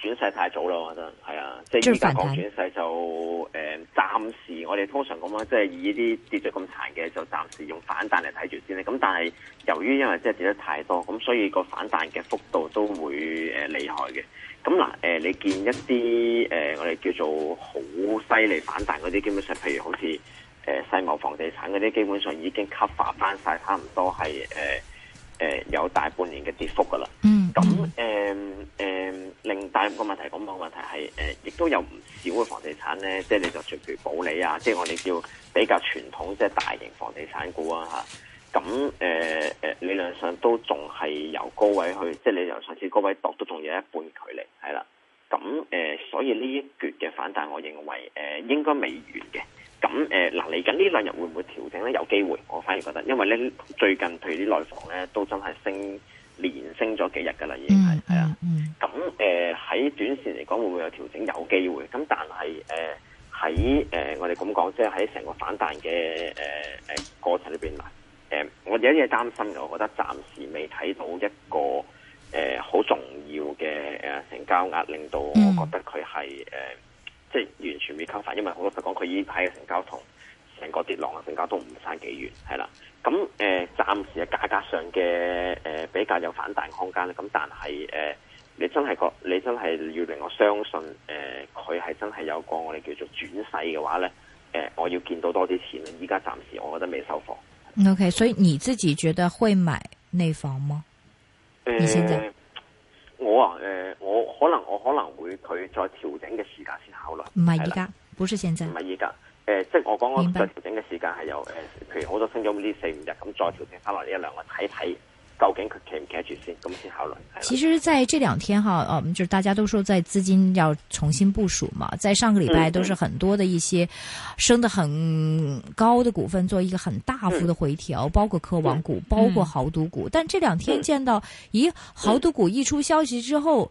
轉勢太早啦，我覺得係啊，即係而家講轉勢就誒，暫時我哋通常咁樣，即係以啲跌咗咁殘嘅就暫時用反彈嚟睇住先咧。咁但係由於因為即係跌得太多，咁所以個反彈嘅幅度都會誒厲害嘅。咁嗱誒，你見一啲誒我哋叫做好犀利反彈嗰啲，基本上譬如好似誒世貿、房地產嗰啲，基本上已經吸反翻晒，差唔多係誒。誒、呃，有大半年嘅跌幅噶啦，咁誒誒，另第五個問題，咁六個問題係，誒，亦都有唔少嘅房地產咧，即係你就隨住保利啊，即係我哋叫比較傳統，即係大型房地產股啊，咁誒誒，理論上都仲係由高位去，即係你由上次高位度都仲有一半距離，係啦。咁誒、呃，所以呢一橛嘅反彈，我認為誒、呃、應該未完嘅。咁誒嗱，嚟緊呢兩日會唔會調整咧？有機會，我反而覺得，因為咧最近譬如啲內房咧都真係升，連升咗幾日噶啦，已經係係啊。咁誒喺短線嚟講，會唔會有調整？有機會。咁但係誒喺誒我哋咁講，即係喺成個反彈嘅誒誒過程裏邊嚟誒，我有一嘢擔心就係，我覺得暫時未睇到一個。誒、呃，好重要嘅誒成交額，令到我覺得佢係誒，即、嗯、係、呃就是、完全未收翻，因為好老實講，佢依排嘅成交同成個跌浪嘅成交都唔差幾遠，係啦。咁、嗯、誒，暫、呃、時嘅價格上嘅誒、呃、比較有反彈空間。咁但係誒、呃，你真係覺，你真係要令我相信誒，佢、呃、係真係有個我哋叫做轉勢嘅話咧。誒、呃，我要見到多啲錢。依家暫時，我覺得未收貨。嗯、o、okay, K，所以你自己覺得會買內房嗎？誒、呃，我啊，誒、呃，我可能我可能會佢再調整嘅時間先考慮，唔係而家，不是現在，唔係而家，誒、呃，即係我講緊再調整嘅時間係有，誒、呃，譬如好多升咗呢四五日，咁再調整翻落呢一兩個睇睇。看看究竟佢 Catch 唔 Catch 住先？咁先考慮。其實，在這兩天哈、啊，們、嗯、就是、大家都說在資金要重新部署嘛，在上個禮拜都是很多的一些升得很高的股份做一個很大幅的回調、嗯，包括科網股、嗯，包括豪賭股、嗯。但這兩天見到，嗯、咦，豪賭股一出消息之後。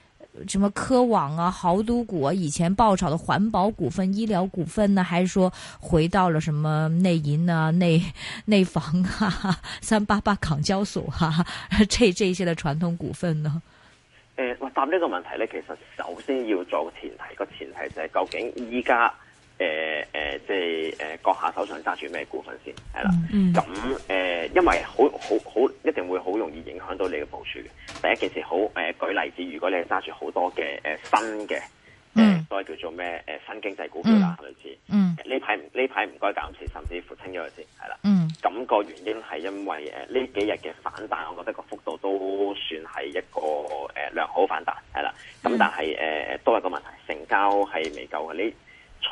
什麼科網啊，濠賭股啊，以前爆炒的環保股份、醫療股份呢、啊？還是說回到了什麼內銀啊、內內房啊，三八八港交所哈、啊、哈，這這些的傳統股份呢？呃我答呢個問題呢，其實首先要做前提個前提就係究竟依家。誒、呃、誒、呃，即係誒，閣、呃、下手上揸住咩股份先？係啦，咁、嗯、誒、呃，因為好好好，一定會好容易影響到你嘅部署。第一件事，好誒、呃，舉例子，如果你係揸住好多嘅誒、呃、新嘅，誒所謂叫做咩誒、呃、新經濟股票啦，類似嗯，呢排唔呢排唔該減持，甚至乎清咗先，係啦。嗯，咁、那個原因係因為誒呢、呃、幾日嘅反彈，我覺得個幅度都算係一個誒良好反彈，係啦。咁、嗯、但係誒、呃、多一個問題，成交係未夠嘅你。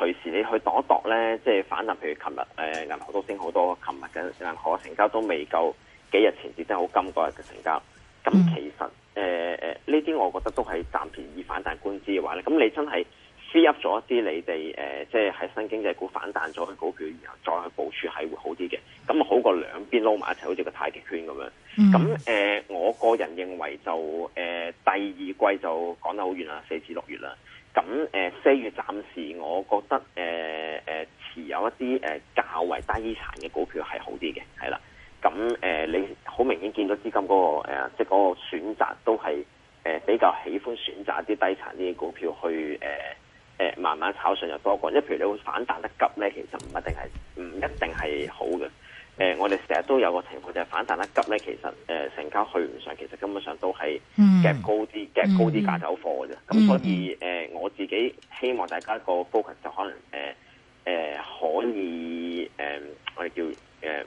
隨時你去度一度咧，即係反彈。譬如琴日誒銀行都升好多，琴日嗰陣時銀行成交都未夠幾日前跌得好，今個日嘅成交。咁其實誒誒，呢、mm. 啲、呃、我覺得都係暫時以反彈觀之嘅話咧。咁你真係吸 up 咗一啲你哋誒、呃，即係喺新經濟股反彈咗嘅股票，然後再去部署係會好啲嘅。咁好過兩邊撈埋一齊，好似個太極圈咁樣。咁、mm. 誒、呃，我個人認為就誒、呃、第二季就講得好遠啦，四至六月啦。咁誒四月暫時，我覺得誒誒、呃、持有一啲誒較為低殘嘅股票係好啲嘅，係啦。咁誒、呃、你好明顯見到資金嗰、嗰個即係嗰個選擇都係誒、呃、比較喜歡選擇一啲低殘啲股票去誒、呃呃、慢慢炒上，又多過，因為譬如你會反彈得急咧，其實唔一定係唔一定係好嘅。誒、呃，我哋成日都有個情況，就係、是、反彈得急咧，其實誒、呃、成交去唔上，其實根本上都係夾高啲、夾、mm -hmm. 高啲價走貨嘅啫。咁、mm -hmm. 所以誒、呃，我自己希望大家個 focus 就可能誒誒、呃呃、可以誒、呃，我哋叫誒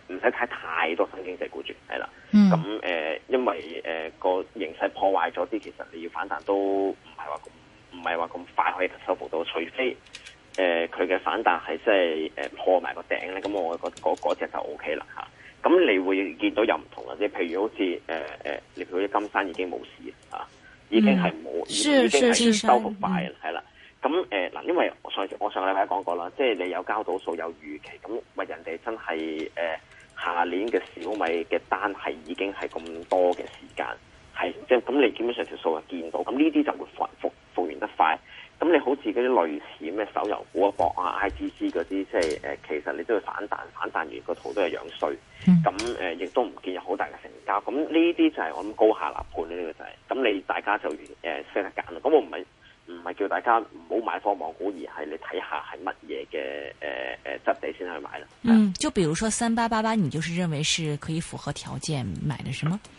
唔使睇太多新經濟股住，係啦。咁、mm、誒 -hmm. 嗯呃，因為誒個、呃、形勢破壞咗啲，其實你要反彈都唔係話唔係話咁快可以收復到，除非。誒佢嘅反彈係即係誒破埋個頂咧，咁我個嗰嗰隻就 OK 啦咁、啊、你會見到又唔同啦，即係譬如好似誒、呃、你例如啲金山已經冇事啊，已經係冇、嗯，已經係收復快啦，係啦。咁誒嗱，因為我上我上個禮拜講過啦、嗯，即係你有交到數有預期，咁為人哋真係誒下年嘅小米嘅單係已經係咁多嘅時間，係即係咁你基本上條數就見到，咁呢啲就會復復復原得快。咁你好似嗰啲類似咩手遊股啊博啊 IGC 嗰啲，即係誒，其實你都係反彈，反彈完個圖都係樣衰。咁誒，亦都唔見有好大嘅成交。咁呢啲就係我諗高下立判呢個就係。咁你大家就誒識得揀啦。咁我唔係唔係叫大家唔好買科網股，而係你睇下係乜嘢嘅誒誒質地先去買啦。嗯，就比如說三八八八，你就是認為是可以符合條件買的，是嗎？嗯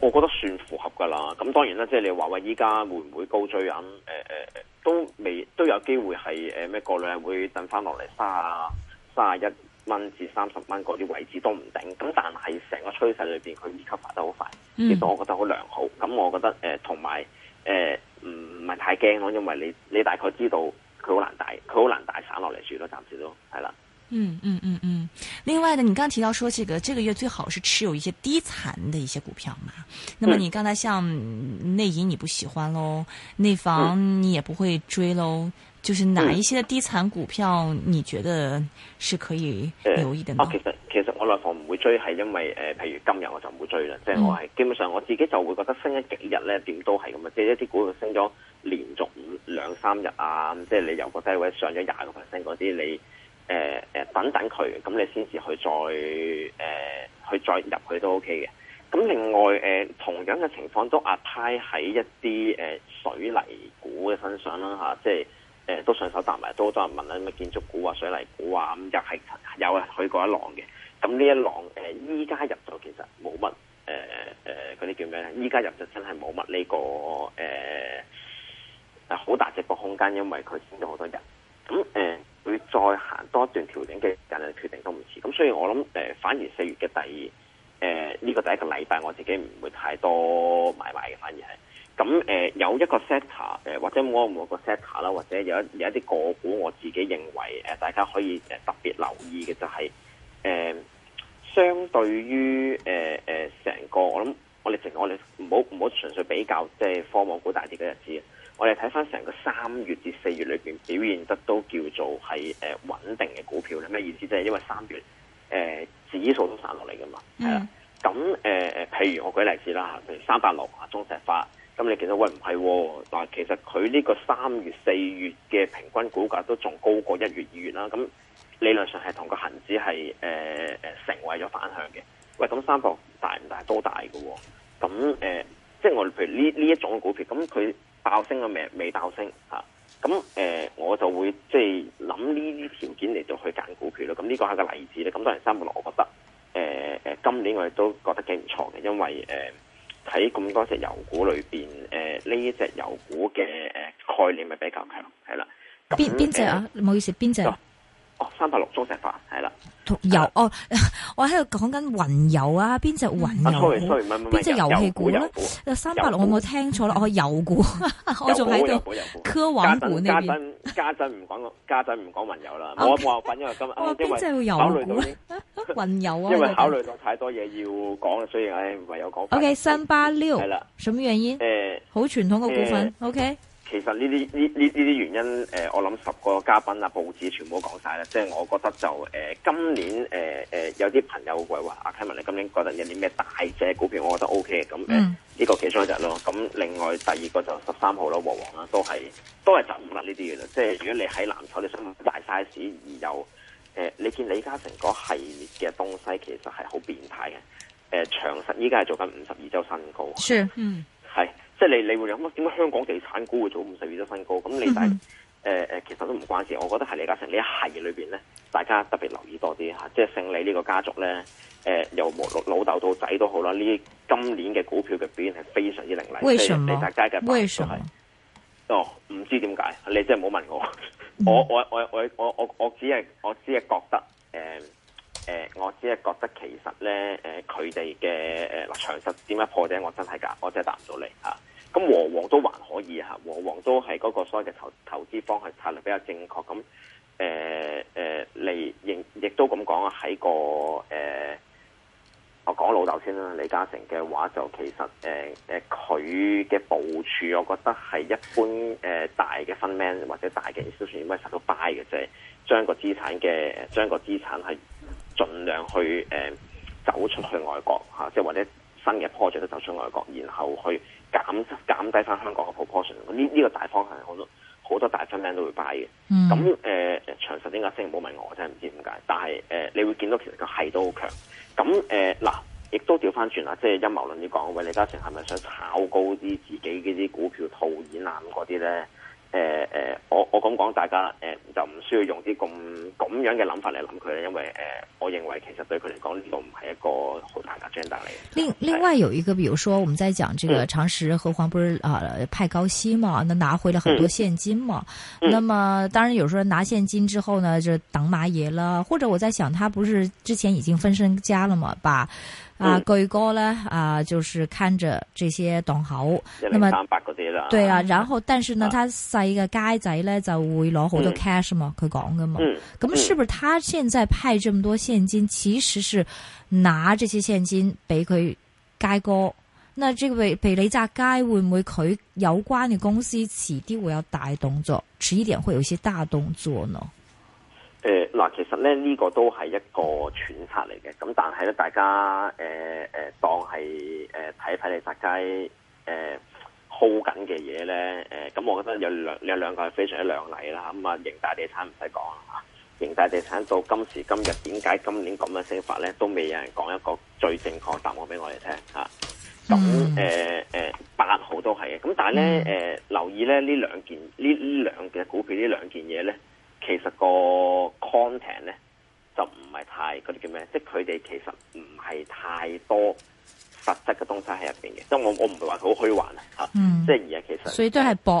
我覺得算符合㗎啦，咁當然啦，即係你話話依家會唔會高追引誒、呃、都未都有機會係誒咩個量會等翻落嚟三啊三啊一蚊至三十蚊嗰啲位置都唔定。咁但係成個趨勢裏面，佢已經發得好快，其實我覺得好良好。咁我覺得誒同埋誒唔係太驚咯，因為你你大概知道佢好難大，佢好難大散落嚟住咯，暫時都係啦。嗯嗯嗯嗯，另外呢，你剛，剛提到說，這個這個月最好是持有一些低殘的一些股票嘛。那麼你剛才像內銀你不喜歡嘍，內、嗯、房你也不會追嘍、嗯，就是哪一些的低殘股票你覺得是可以留意的呢？哦、呃啊，其實其實我內房唔會追，係因為誒、呃，譬如今日我就唔會追啦、嗯，即係我係基本上我自己就會覺得升咗幾日咧，點都係咁啊。即係一啲股票升咗連續兩三日啊，即係你由個低位上咗廿個 percent 嗰啲你。誒、呃、誒、呃，等等佢，咁你先至去再誒、呃、去再入去都 OK 嘅。咁另外誒、呃，同樣嘅情況都阿低喺一啲誒、呃、水泥股嘅身上啦吓、啊，即係誒、呃、都上手搭埋，都好多人問啦，咩建築股啊、水泥股啊，咁又係有啊去過一浪嘅。咁呢一浪誒，依、呃、家入咗其實冇乜誒誒，嗰啲叫咩咧？依、呃、家入咗真係冇乜呢個誒好、呃、大隻博空間，因為佢升咗好多人咁誒。會再行多一段調整嘅時間嘅決定都唔遲，咁所以我諗誒、呃、反而四月嘅第二誒呢、呃這個第一個禮拜我自己唔會太多買賣嘅，反而係咁誒有一個 sector、呃、或者我冇個 sector 啦，或者有一有一啲個股我自己認為誒、呃、大家可以誒、呃、特別留意嘅就係、是、誒、呃、相對於誒誒成個我諗。純粹比較即係、就是、科網股大跌嘅日子，我哋睇返成個三月至四月裏邊表現得都叫做係誒穩定嘅股票，咩意思？即係因為三月誒、呃、指數都散落嚟噶嘛，係、嗯、啦。咁誒、呃，譬如我舉例子啦吓，譬如三百六啊，中石化。咁你其實喂唔係，嗱、哦，其實佢呢個三月四月嘅平均股價都仲高過一月二月啦。咁理論上係同個恒指係誒誒成為咗反向嘅。喂，咁三百大唔大都大噶、哦。咁誒。呃即係我哋譬如呢呢一,一種股票，咁佢爆升嘅未未爆升啊，咁誒、呃，我就會即係諗呢啲條件嚟到去揀股票咯。咁、啊、呢個係個例子咧。咁當然三個六，我覺得誒誒、呃，今年我哋都覺得幾唔錯嘅，因為誒喺咁多隻油股裏邊，誒、呃、呢一隻油股嘅誒概念係比較強，係啦。邊邊隻啊？冇意思，邊隻？啊哦，三百六中石化係啦，和油哦，哦，我喺度講緊雲遊啊，邊隻雲遊？邊隻遊戲股咧？三百六，我冇聽錯啦，我油股，我仲喺度。家陣家陣家陣唔講，家陣唔講雲遊啦。我話翻因為今日即係考慮到雲遊，因為考慮咗太多嘢要講，所以唉唯有講。O K，三八六係啦，什麼原因？誒，好傳統嘅股份。O K。其實呢啲呢呢呢啲原因，誒、呃，我諗十個嘉賓啊，報紙全部都講晒啦。即係我覺得就誒、呃，今年誒、呃呃、有啲朋友會話阿 Kevin，你今年覺得有啲咩大隻股票？我覺得 O K 嘅咁。嗯、呃，呢、這個其中一隻咯。咁另外第二個就十三號囉，和黃啦，都係都係五啦呢啲嘢啦。即係如果你喺藍籌，你想大 size 而有誒、呃，你見李嘉誠嗰系列嘅東西，其實係好變態嘅。誒、呃，長實依家係做緊五十二周新高。Sure. Mm -hmm. 即係你你會諗點解香港地產股會做五十幾隻新高？咁你但誒誒，其實都唔關事。我覺得係李嘉誠呢一系裏邊咧，大家特別留意多啲吓。即係姓李呢個家族咧，誒、呃、由老老豆到仔都好啦，呢今年嘅股票嘅表現係非常之凌厲。為什麼你你大家都？為什麼？哦，唔知點解，你真係唔好問我。嗯、我我我我我我我只係我只係覺得誒。呃誒、呃，我只係覺得其實咧，誒佢哋嘅誒長實點解破啫？我真係噶，我真係答唔到你啊。咁和黃都還可以嚇，和、啊、黃都係嗰個所謂嘅投投資方係策略比較正確。咁誒誒，你亦亦都咁講啊，喺個誒、呃，我講老豆先啦。李嘉誠嘅話就其實誒誒，佢、呃、嘅、呃、部署，我覺得係一般誒、呃、大嘅 fund man 或者大嘅都算咩 e 都 buy 嘅啫，將個資產嘅將個資產係。盡量去誒、呃、走出去外國嚇、啊，即係或者新嘅 project 都走出外國，然後去減減低翻香港嘅 proportion。呢、這、呢個大方向好多好多大 fundamental 會 buy 嘅。咁、mm. 長、呃、實呢個聲冇問我真係唔知點解，但係誒、呃、你會見到其實個係都好強。咁誒嗱，亦、呃、都調翻轉啦，即係陰謀論你講喂，李嘉誠係咪想炒高啲自己嗰啲股票套現啊嗰啲咧？誒、呃、誒、呃，我我咁講，大家誒、呃、就唔需要用啲咁咁樣嘅諗法嚟諗佢啦，因為誒、呃，我認為其實對佢嚟講呢個唔係一個好大嘅正大嘅。另外另外有一個，比如說我們在講這個長實，和黃不是啊派高息嘛，那拿回了很多現金嘛。嗯、那麼當然有時候拿現金之後呢，就當馬爺啦。或者我在想，他不是之前已經分身家了嘛，把。啊，巨哥咧，啊，就是看着這些檔口、嗯，一零三八嗰啲啦，對啊、嗯，然後，但是呢，啊、他細嘅街仔咧就會攞好多 cash 嘛，佢、嗯、講㗎嘛，咁、嗯，那是不是他現在派這麼多現金，嗯、其實是拿這些現金俾佢街哥？那這個被被李澤楷會唔會佢有關嘅公司遲啲會有大動作？遲一點會有一些大動作呢？誒，嗱，其實咧呢、這個都係一個揣測嚟嘅，咁但係咧大家誒誒、呃、當係誒睇睇你大街誒 hold 緊嘅嘢咧，誒、呃，咁、呃、我覺得有兩有兩個係非常之亮麗啦，咁、嗯、啊，盈大地產唔使講啦，盈大地產到今時今日，點解今年咁嘅升法咧，都未有人講一個最正確答案俾我哋聽吓，咁誒誒八號都係嘅，咁但係咧誒留意咧呢這兩件呢兩嘅股票呢兩件嘢咧。其實個 content 咧就唔係太嗰啲叫咩？即係佢哋其實唔係太多實質嘅東西喺入面嘅。即我我唔係話佢好虛幻嚇，即、嗯、係而家其實所以都係薄，唔、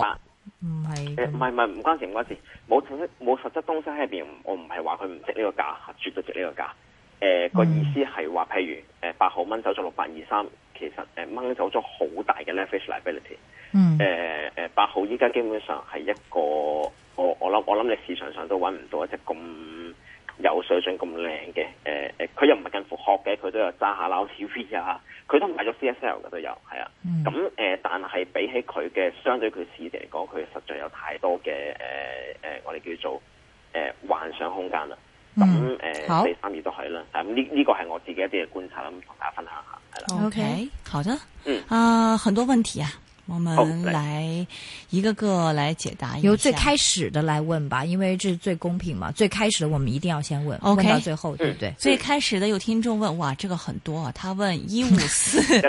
呃、係唔係唔係唔關事唔關事。冇實冇實質，實質東西喺入面，我唔係話佢唔值呢個價，絕對值呢個價。誒、呃、個、嗯、意思係話，譬如八號掹走咗六百二三，其實誒掹走咗好大嘅 net f i c e liability 嗯。嗯、呃、八號依家基本上係一個。我諗你市場上都揾唔到一隻咁有水準、咁靚嘅，誒、呃、誒，佢又唔係近乎殼嘅，佢都有揸下撈小 V 啊，佢都買咗 C S L 嘅都有，係啊，咁、嗯、誒、嗯，但係比起佢嘅相對佢市值嚟講，佢實在有太多嘅誒誒，我哋叫做誒、呃、幻想空間啦，咁、嗯、誒，第三點都係啦，咁呢呢個係我自己一啲嘅觀察，咁同大家分享一下，係啦。O、okay, K，好的。嗯啊，uh, 很多問題啊。我們來一個個來解答來，由最開始的來問吧，因為這是最公平嘛。最開始的我們一定要先問，ok 問到最後，對不對？ 最開始的有聽眾問，哇，這個很多啊！他問一五四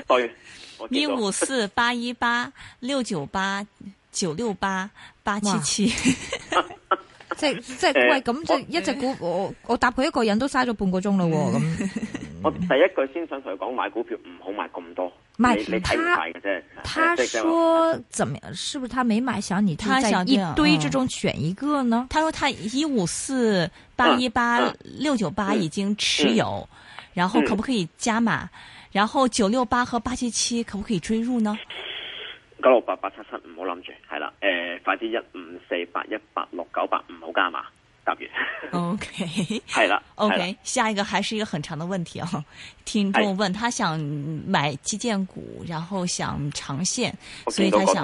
一五四八一八六九八九六八八七七，即係即係喂，咁即一隻股， 我我答佢一個人都嘥咗半個鐘嘞。 我第一句先想同佢講，買股票唔好買咁多。買，他他說怎麼樣，是不是他沒買，想你他想一堆之中選一個呢？他說他一五四八一八六九八已經持有，然後可不可以加碼？然後九六八和八七七可不可以追入呢？九六八八七七唔好諗住，係啦，誒，快啲一五四八一八六九八唔好加碼。 OK，OK，okay. okay. okay. 下一個還是一個很長的問題啊、哦。聽眾問、hey. 他想買基建股，然後想長線，okay. 所以他想。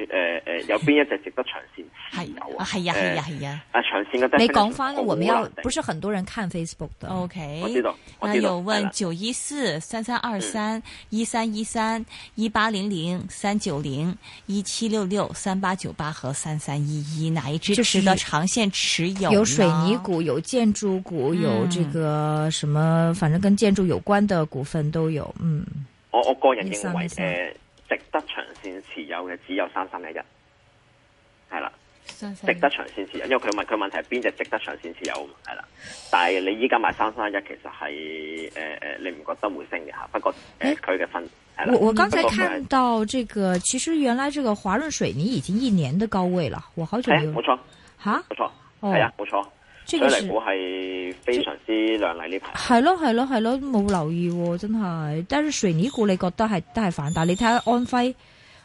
誒、呃、誒、呃呃，有邊一隻值得長線持有啊？係呀係呀係呀！阿長線嘅，你講翻啦，我們要不是很多人看 Facebook？OK，的 okay, 我。我知道。阿有問九一四三三二三一三一三一八零零三九零一七六六三八九八和三三一一，哪一支，隻值得長線持有，就是？有水泥股，有建築股，嗯，有這個什麼，反正跟建築有關的股份都有。嗯，我我個人認為、 呃值得長線持有嘅只有的三三一一，係啦，值得長線持有，因為佢問佢問題係邊隻值得長線持有，係啦。但係你依家買三三一一，其實係誒誒，你唔覺得會升嘅嚇。不過誒，佢、呃、嘅、欸、分，我我剛才看到這個，其實原來這個華潤水泥已經一年的高位了，我好久冇。冇錯，哈，冇錯，係、啊、呀，我是水泥股係非常之亮麗呢排，係咯係咯係咯，冇留意、哦、真係。但係水泥股你覺得係都係反彈？你睇下安徽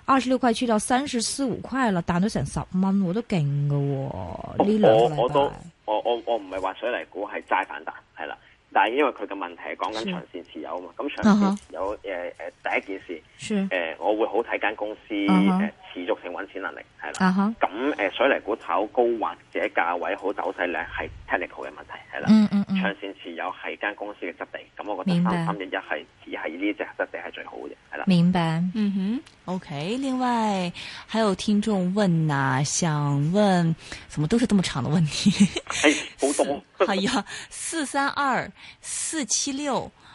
二十六塊，去到三十四五塊啦，彈咗成十蚊，我都勁噶、哦。呢兩個禮拜，我，我都我我我唔係話水泥股係齋反彈，係啦。但係因為佢嘅問題係講緊長線持有啊嘛，咁長線持有誒誒第一件事，誒、呃、我會好睇間公司、uh -huh，呃持續性搵錢能力係啦，咁誒、uh -huh、水泥股炒高或者價位好走勢咧係 technical 嘅問題係啦、嗯嗯嗯，長線持有係間公司嘅質地，咁我覺得三三一一係只係呢隻質地係最好嘅，係啦。明白，嗯哼，OK。另外，還有聽眾問啊，想問，怎麼都是咁長嘅問題？係， 好長好。哎呀，四三二四七六。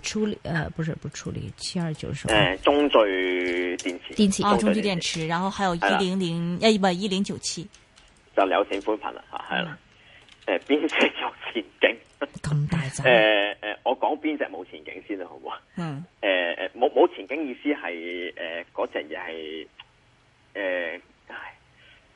處理，誒、呃，不是，不處理七二九十，誒、呃、中聚電池電池中聚電、啊、電池，然後還有一零零，誒、啊，唔係一零九七，就有線寬頻啦吓，係、啊、啦，誒，邊、嗯呃、隻有前景咁大？誒、呃、誒、呃，我講邊隻冇前景先啦，好唔好？嗯，誒、呃、誒，冇冇前景意思係誒嗰隻嘢係誒，唉，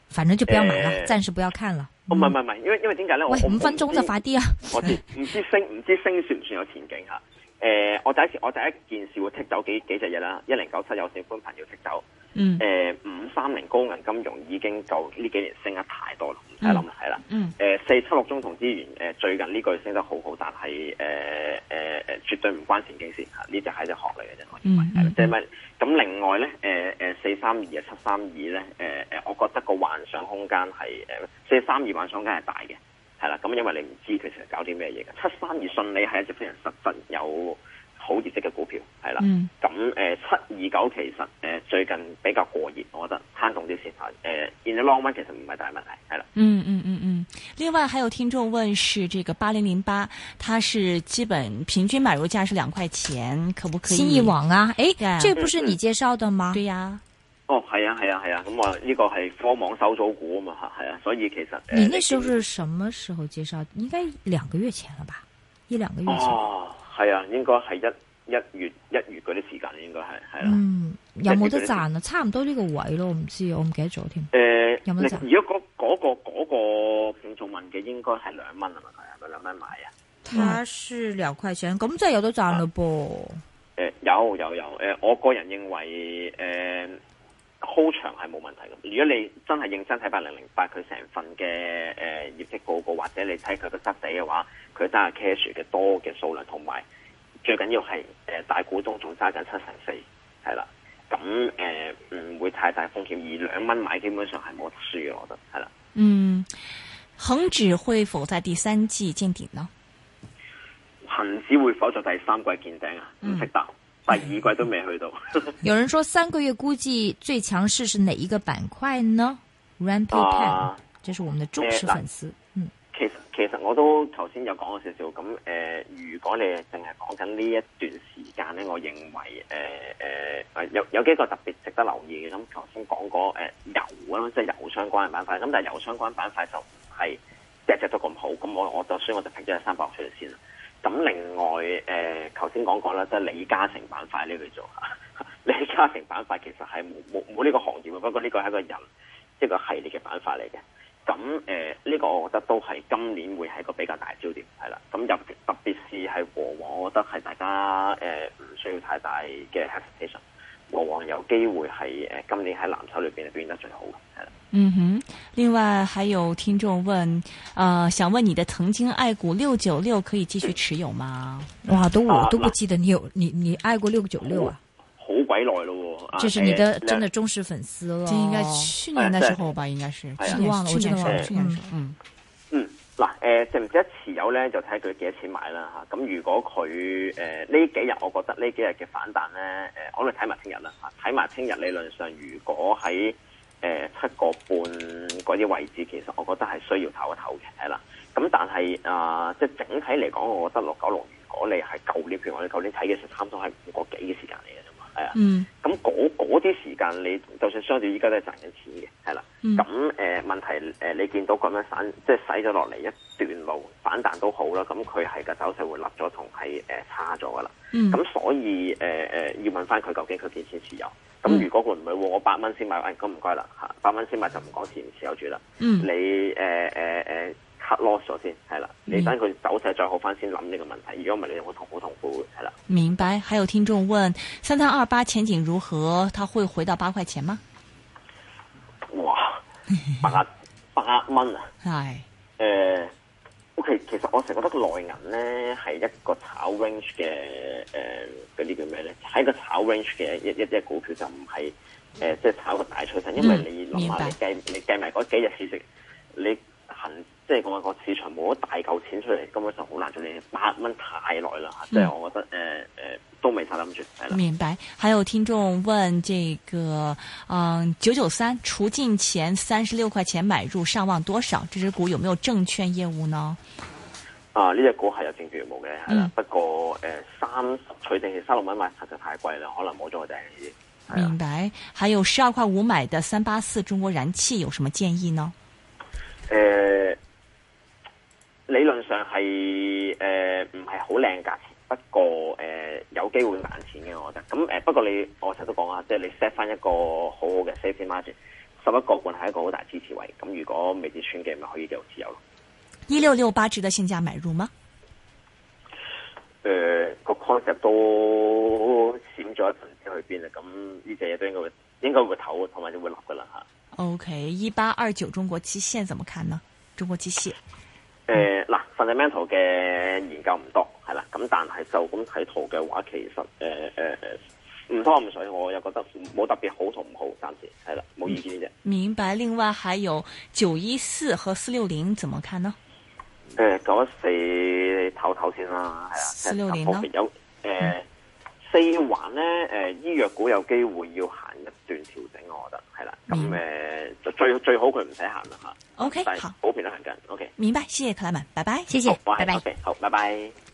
反正就不要買了、呃，暫時不要看了。呃嗯、哦，唔係唔係，因為因為點解咧？喂，五分鐘就快啲啊！我知，唔知升唔 知升算唔算有前景吓、啊？ 誒、呃，我第一次，我第一件事會剔走幾幾隻嘢啦，一零九七有線寬頻要剔走。嗯。誒、呃，五三零高銀金融已經就呢幾年升得太多啦，唔使諗係啦。嗯。誒、嗯，四七六中同資源誒、呃，最近呢句升得好好，但係誒誒誒，絕對唔關前景事嚇，呢隻係隻學嚟嘅啫。嗯嗯。即係咪？咁另外咧，誒誒四三二啊，七三二咧，誒、呃、誒，我覺得個幻想空間係誒四三二幻想空間係大嘅。係啦，咁因為你唔知佢成日搞啲咩嘢嘅。七三二順利係一隻非常實質有好熱色嘅股票，係啦。咁誒七二九其實誒最近比較過熱，我覺得攤動啲先吓。誒，in the long run 其實唔係大問題，係啦。嗯嗯嗯嗯。另外還有聽眾問是這個八零零八，它是基本平均買入價是兩塊錢，可不可以？心意王啊，誒，這不是你介紹的嗎？對呀、啊。哦，係啊，係啊，係啊，咁、嗯、啊，呢、這個係科網收租股啊嘛，係啊，所以其實你那時候是什麼時候介紹？應該兩個月前了吧？一兩個月前哦，係啊，應該係一一月一月嗰啲時間，應該係係啦。嗯，有冇得賺啊？差唔多呢個位咯，我唔知我唔記得咗添。誒、呃，有冇得賺？如果嗰、那個嗰、那個聽眾問嘅，應該係兩蚊啊嘛，係咪兩蚊買啊？他是兩塊錢，咁真係有得賺嘞噃？誒、嗯呃，有有有，誒、呃，我個人認為，誒、呃。鋪長係冇問題嘅，如果你真係認真睇八零零八佢成份嘅誒、呃、業績報告，或者你睇佢個質地嘅話，佢揸下 cash 嘅多嘅數量，同埋最緊要係誒、呃、大股東仲揸緊七成四，係啦，咁誒唔會太大風險，以兩蚊買基本上係冇得輸嘅，我覺得係啦。嗯，恒指會否在第三季見頂呢？恒指會否在第三季見頂啊？唔識答。第二季都未去到，有人說三個月估計最強勢是哪一個板塊呢 Rampant 這是我們的忠實粉絲、呃呃。嗯，其實其實我都頭先有講過少少，咁誒、呃，如果你淨係講緊呢一段時間咧，我認為誒誒、呃呃、有有幾個特別值得留意嘅，咁頭先講過誒、呃、油啦，即係油相關嘅板塊，咁但係油相關的板塊就唔係只只都咁好，咁我我就所以我就 pick 咗三百出嚟先啦。咁另外，誒頭先講過啦，即係李嘉誠板塊呢度做 李嘉誠板塊其實係冇冇呢個行業嘅，不過呢個係一個人，即係個系列嘅板塊嚟嘅。咁誒呢個我覺得都係今年會係個比較大焦點，係啦。咁入特別是係和，我覺得係大家誒唔需要太大嘅 hesitation 往往有機會係誒今年喺藍籌裏邊變得最好嘅，係啦。嗯哼，另外還有聽眾問，呃，想問你的曾經愛股六九六可以繼續持有嗎？哇，都我、啊、都不記得你有你你愛過六九六啊，好鬼耐咯喎、啊，這是你的真的忠實粉絲了、欸，這應該去年的時候吧，應該是，去年忘了，去年年，去年去年，嗯。嗱、啊，誒值唔值得持有咧？就睇佢幾多錢買啦咁、啊、如果佢誒呢幾日，我覺得幾呢幾日嘅反彈咧，誒、呃、我哋睇埋聽日啦。睇埋聽日理論上，如果喺、呃、七個半嗰啲位置，其實我覺得係需要唞一唞嘅啦。咁但係啊，即係、呃、整體嚟講，我覺得六九六，如果你係舊年，譬如我哋舊年睇嘅參數係五個幾嘅時間嚟嘅。係啊，咁嗰嗰啲時間你就算相對依家都係賺緊錢嘅，係啦。咁、嗯、誒、嗯嗯呃、問題誒、呃，你見到咁樣散即係使咗落嚟一段路，反彈都好啦。咁佢係個走勢會立咗同係誒差咗噶啦。咁、嗯嗯嗯、所以誒誒、呃、要問翻佢究竟佢幾錢持有？咁如果佢唔係，我百蚊先買，咁唔該啦吓，百蚊先買就唔講錢持有住啦。嗯，嗯，嗯你誒誒誒。呃呃呃 cut loss 咗先，係啦，你等佢走晒再好翻先諗呢個問題。如果唔係，你好痛好痛苦係啦。明白。還有聽眾問：三三二八前景如何？佢會回到八塊錢嗎？哇！八 八蚊塊啊、 呃！唉，誒，我其其實我成日覺得內銀咧係一個炒 range 嘅，誒嗰啲叫咩咧？係一個炒 range 嘅一一隻股票就唔係誒即係炒個大趨勢，因為你諗下你計你計埋嗰幾日市值，你行即係講個市場冇咗大嚿錢出嚟，根本上好難出嚟八蚊太耐啦、嗯，即係我覺得誒誒、呃呃、都未差諗住。明白，還有聽眾問這個，嗯、呃，九九三除淨前三十六塊錢買入上望多少？這隻股有沒有證券業務呢？啊，呢隻股係有證券業務嘅，係啦、嗯。不過誒，三十取定係三六蚊買，實在太貴啦，可能冇咗個定義。明白，還有十二塊五買的三八四中國燃氣，有什麼建議呢？誒、呃。理論上係誒唔係好靚價，呃、嘅價錢，不過誒、呃、有機會賺錢嘅我覺得，咁誒、呃、不過你我頭都講啊，即係你 set 翻一個好好嘅 safety margin，十一個半係一個好大支持位，咁如果未跌穿嘅咪可以繼續持有咯。一六六八值得現價買入嗎？誒、呃、個 concept 都閃咗一陣先去邊啊，咁呢隻嘢都應該會應該會投，同埋就會落嘅啦吓。OK，一八二九中國機械怎麼看呢？中國機械。誒、呃，嗱、嗯、Fundamental 嘅研究唔多，係啦，咁但係就咁睇圖嘅話，其實誒誒，唔湯唔水，我又覺得冇特別好同唔好，暫時係啦，冇意見啫。明白。另外還有九一四和四六零怎麼看呢？誒、呃，914, 九一四，你唞唞先啦，係啊，四六零咯。誒四環咧，誒、呃、醫藥股有機會要行一段調整，我覺得係啦。咁誒、嗯呃、最最好佢唔使行啦吓 O K，好，但係普遍都行緊。O K，明白，謝謝克拉曼，Climber, 拜拜，謝謝，拜拜，好，拜拜。Okay,